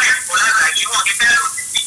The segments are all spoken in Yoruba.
para el polaco, aquí a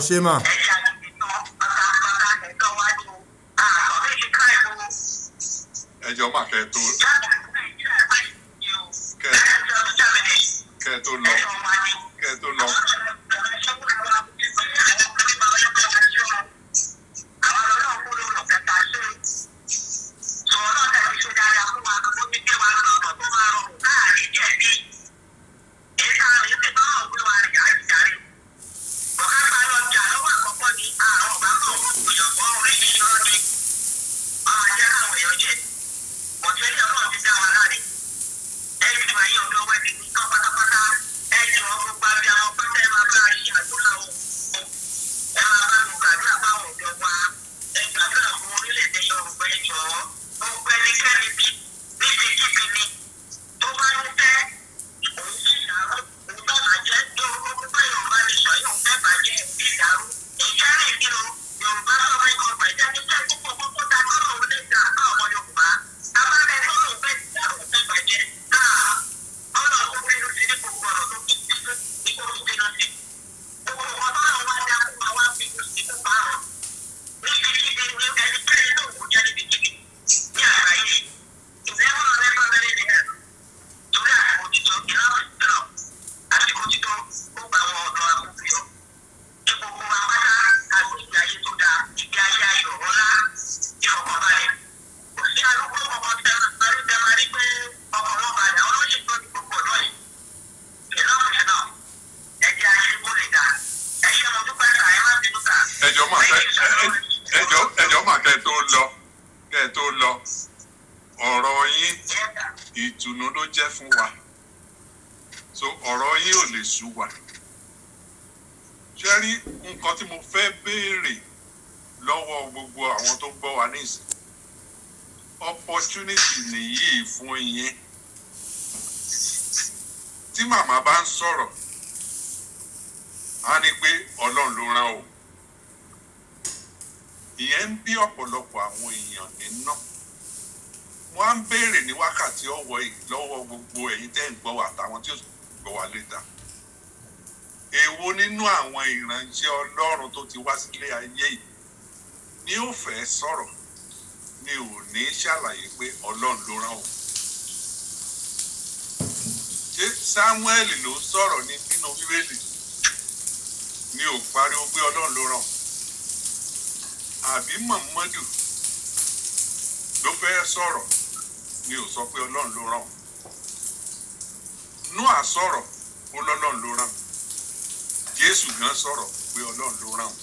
放心嘛。gbogbo àwọn tó gbọ́ wa ní ìsìn opportunity nìyí fún yín tí màmá bá ń sọ̀rọ̀ á ní pé ọlọ́run ló rán o ìyẹn ń bí ọ̀pọ̀lọpọ̀ àwọn èèyàn nínú wọ́n á ń béèrè ní wákàtí ọ̀wọ́ lọ́wọ́ gbogbo ẹ̀yin tẹ́ ń gbọ́ wà táwọn tí ó gbọ́ wà lè dà èwo nínú àwọn ìránṣẹ́ ọlọ́run tó ti wá sílé ayé yìí ni ó fẹ́ sọ̀rọ̀ ni ò ní ṣàlàyé pé ọlọ́run ló rán o. ṣé Samuel ló sọ̀rọ̀ ní nínú bíbélì ni ò pariwo pé ọlọ́run ló rán o. àbí Muhammadu ló fẹ́ sọ̀rọ̀ ni ò sọ pé ọlọ́run ló rán o. Nóà sọ̀rọ̀ ó lọ́lọ́run ló rán o. Jésù gan sọ̀rọ̀ pé ọlọ́run ló rán o.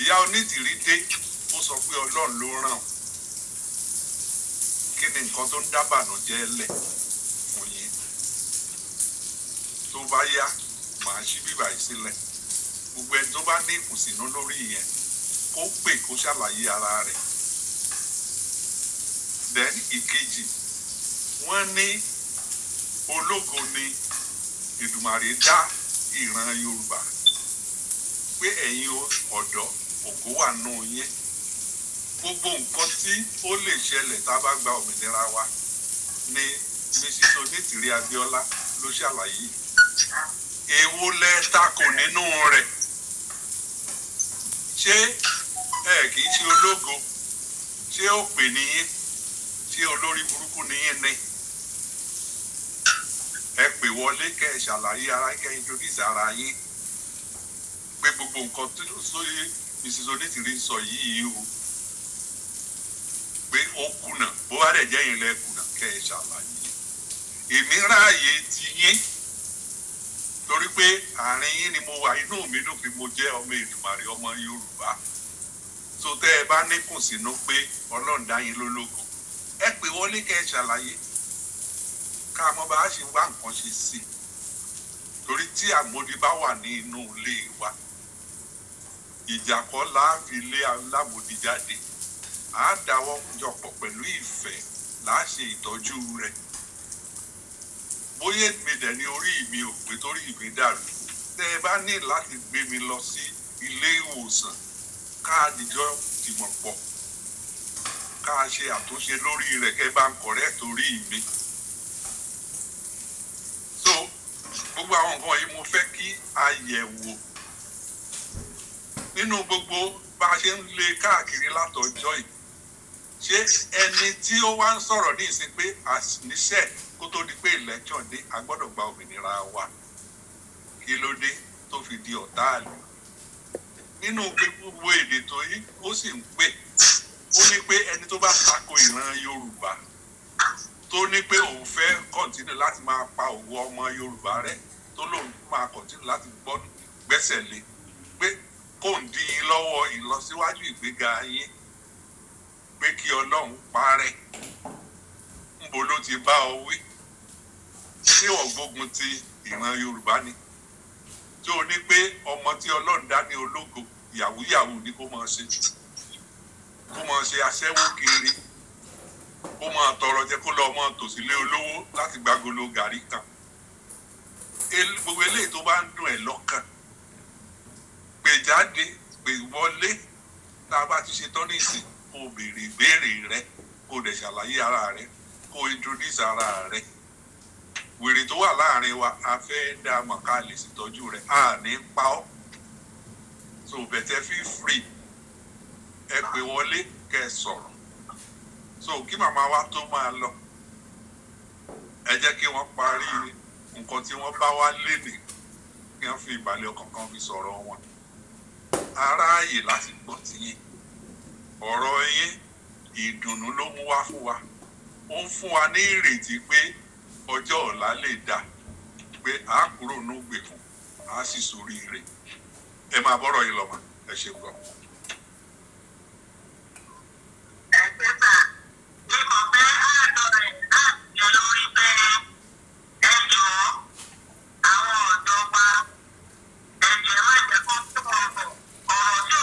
ìyá onídìrí dé ó sọ pé ọlọ́run ló ràn ọ́ kí ni nǹkan tó ń dábànú jẹ́ lẹ̀ mo yín tó bá yá màá ṣí bíbà yìí sílẹ̀ gbogbo ẹni tó bá ní ìkùnsínú lórí ìyẹn kó pè kó ṣàlàyé ara rẹ̀ then ìkejì wọ́n ní ológo ni Èdùmàrè dá ìran Yorùbá pé ẹ̀yin ọ̀dọ́ ògo wà nù yín gbogbo nǹkan tí ó lè ṣẹlẹ̀ tá a bá gba òmìnira wa ni Mrs. Onítìrí Abíọ́lá ló ṣàlàyé èwo lẹ takò nínú rẹ̀ ṣé ẹ kì í ṣe ológo ṣé ó pè nìyẹn ṣé olórí burúkú nìyẹn ni ẹ pè wọlé kẹ ẹ ṣàlàyé ara kẹ ẹ introduce ara yín pé gbogbo nǹkan tó lóye mrs onítìrí sọ yìí o pé ó kùnà bó wá dẹ̀ jẹ́ ìrìn lẹ́kùnà kẹ́ ẹ ṣàlàyé èmi ráàyè ti yín torí pé àárín yín ni mo wà inú mi dùn pé mo jẹ́ ọmọ Èdùmàrè ọmọ Yorùbá tó tẹ́ ẹ bá níkùn sínú pé Ọlọ́run dá yín lólógo ẹ pè wọlé kẹ́ ẹ ṣàlàyé ká mọ̀ bá ṣe wá nǹkan ṣe sí i torí tí àmódi bá wà ní inú ilé wa ìjà kọ́ láàfin lé alábòdì jáde à á dáwọ́ jọpọ̀ pẹ̀lú ìfẹ́ láà ṣe ìtọ́jú rẹ̀ bóyá èmi dẹ̀ ni orí mi ò pé torí mi dàrú tẹ́ ẹ bá ní láti gbé mi lọ sí ilé ìwòsàn káàdì jọ tìmọ̀ pọ̀ ká ṣe àtúnṣe lórí rẹ̀ kẹ́ bá ń kọ̀rẹ́ torí mi so gbogbo àwọn nǹkan yìí mo fẹ́ kí a yẹ̀ wò nínú gbogbo bá a ṣe ń lé káàkiri látọjọ́ yìí ṣé ẹni tí ó wá ń sọ̀rọ̀ ní ìsìn pé àníṣe kó tó di pé election dé a gbọ́dọ̀ gba òmìnira wa kí ló dé tó fi di ọ̀tá àlù nínú gbogbo èdè tó yí ó sì ń pè ó ní pé ẹni tó bá tako ìran Yorùbá tó ní pé òun fẹ́ kọ̀ntínú láti máa pa òwò ọmọ Yorùbá rẹ̀ tó lóun máa kọ̀ntínú láti gbẹ́sẹ̀ lé kò ń dí yín lọ́wọ́ ìlọsíwájú ìgbéga yín pé kí ọlọ́run parẹ́ ńbo ló ti bá ọ wí tí ọ̀gbógun ti ìran yorùbá ni tó o ní pé ọmọ tí ọlọ́run dá ní ológo yàwúyàwú ni kó máa ṣe kó máa ṣe aṣẹ́wó kiri kó máa tọrọ jẹ kó lọ ọmọ tòsílẹ̀ olówó láti gbàgolo gàrí kan gbogbo eléyìí tó bá ń dùn ẹ̀ lọ́kàn pè jáde pè wọlé tá a bá ti ṣe tán nísìn kó o béèrè rẹ kó dẹ̀ ṣàlàyé ara rẹ kó introduce ara rẹ wèrè tó wà láàrin wa a fẹ́ dá a mọ̀ ká lè ṣètọ́jú rẹ̀ a ní pa ọ́ so bẹ̀tẹ̀ feel free ẹ pè wọlé kẹ́ sọ̀rọ̀ so kí màmá wa tó máa lọ ẹ jẹ́ kí wọ́n parí nǹkan tí wọ́n bá wá léde kí wọ́n fi ìbàlẹ̀ ọkàn kan fi sọ̀rọ̀ wọn aráàyè láti gbọ́ ti yín ọ̀rọ̀ yín ìdùnnú ló mú wá fún wa ó ń fún wa ní ìrètí pé ọjọ́ ọ̀la lè dà pé a kúrò nígbèkùn a sì sórí ire ẹ máa bọ́rọ̀ yìí lọ́mọ ẹ ṣe gbọ́. Thank you. Yeah.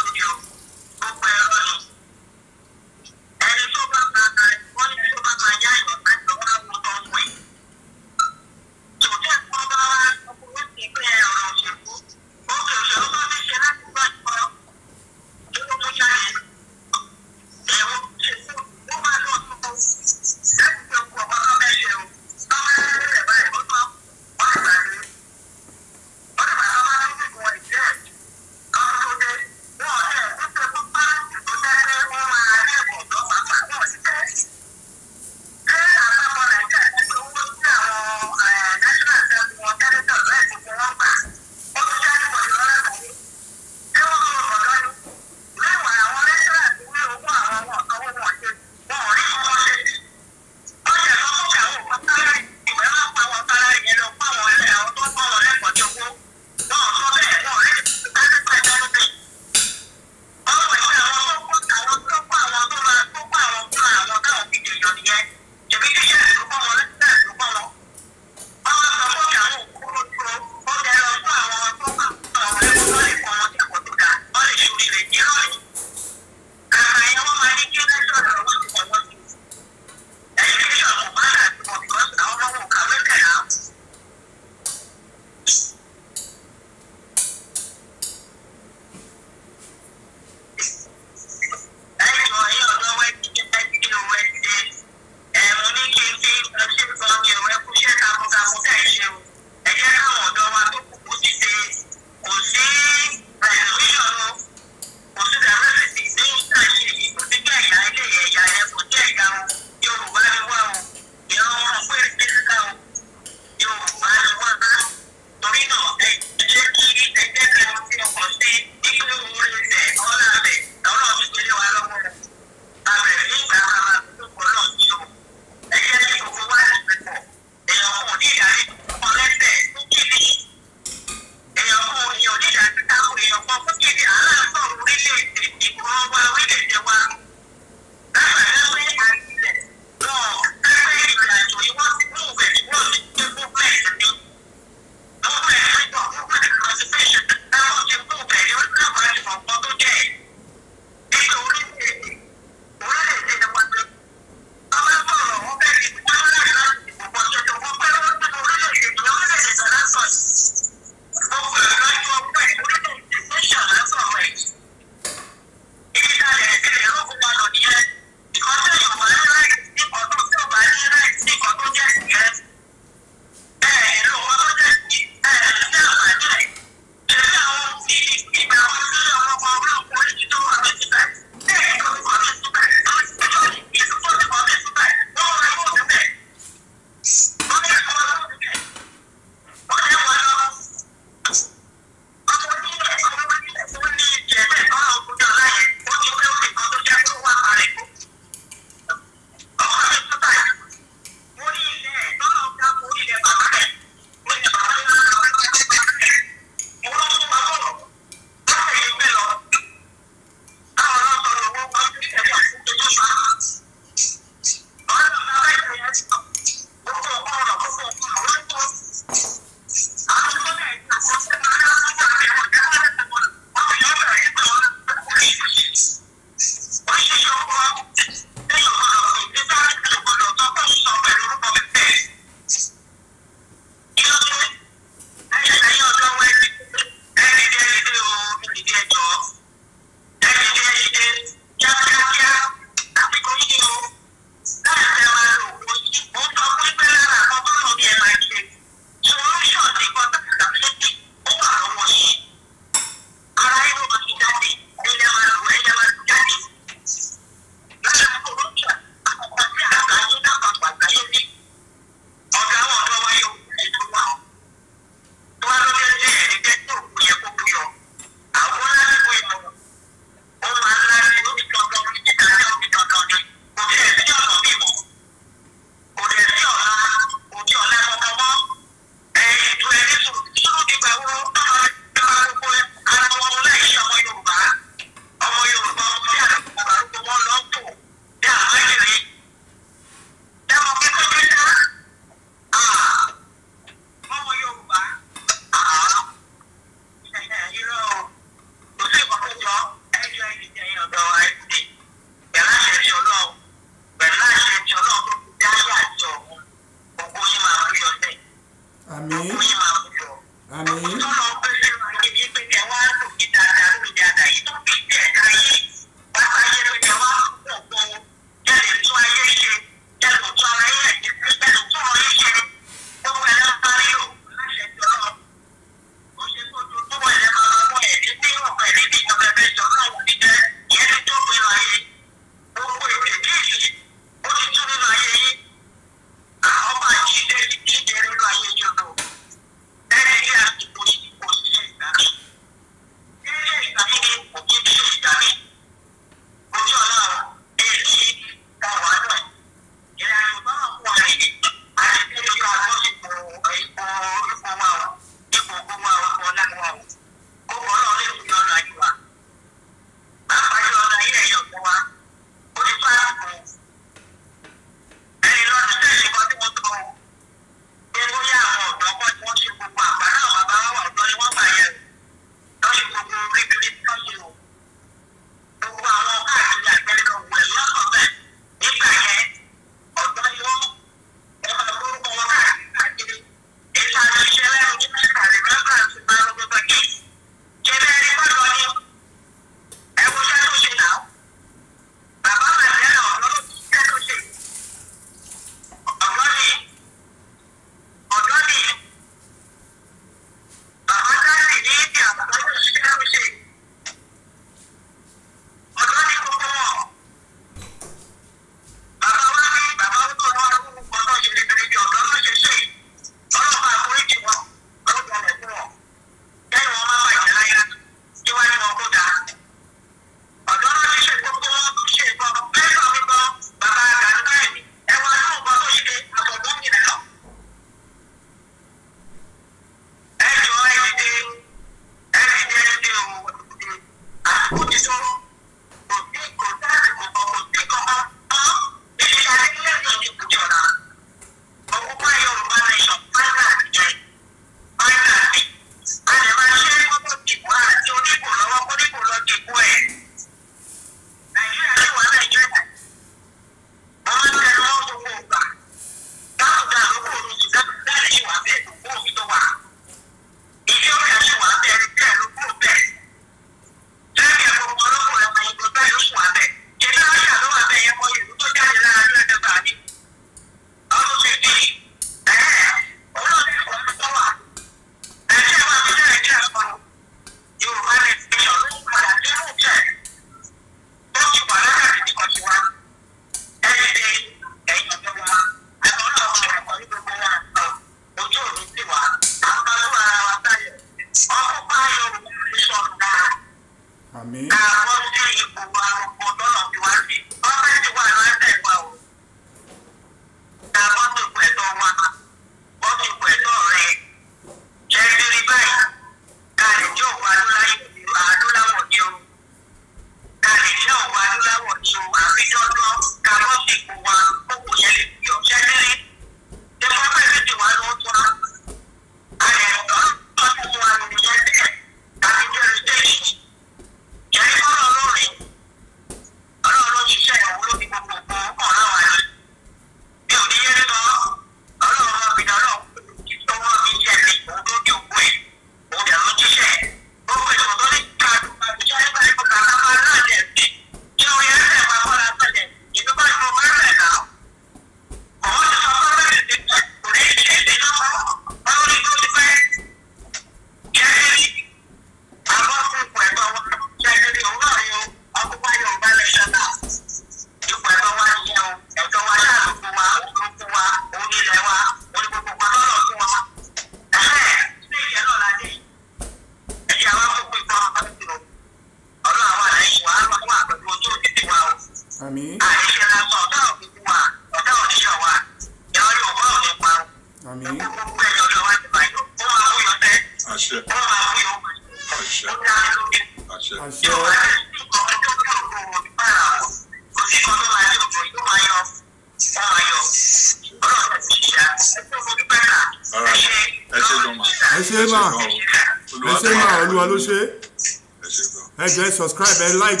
subscribe and like. And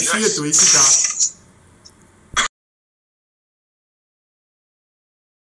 see you to Ikita.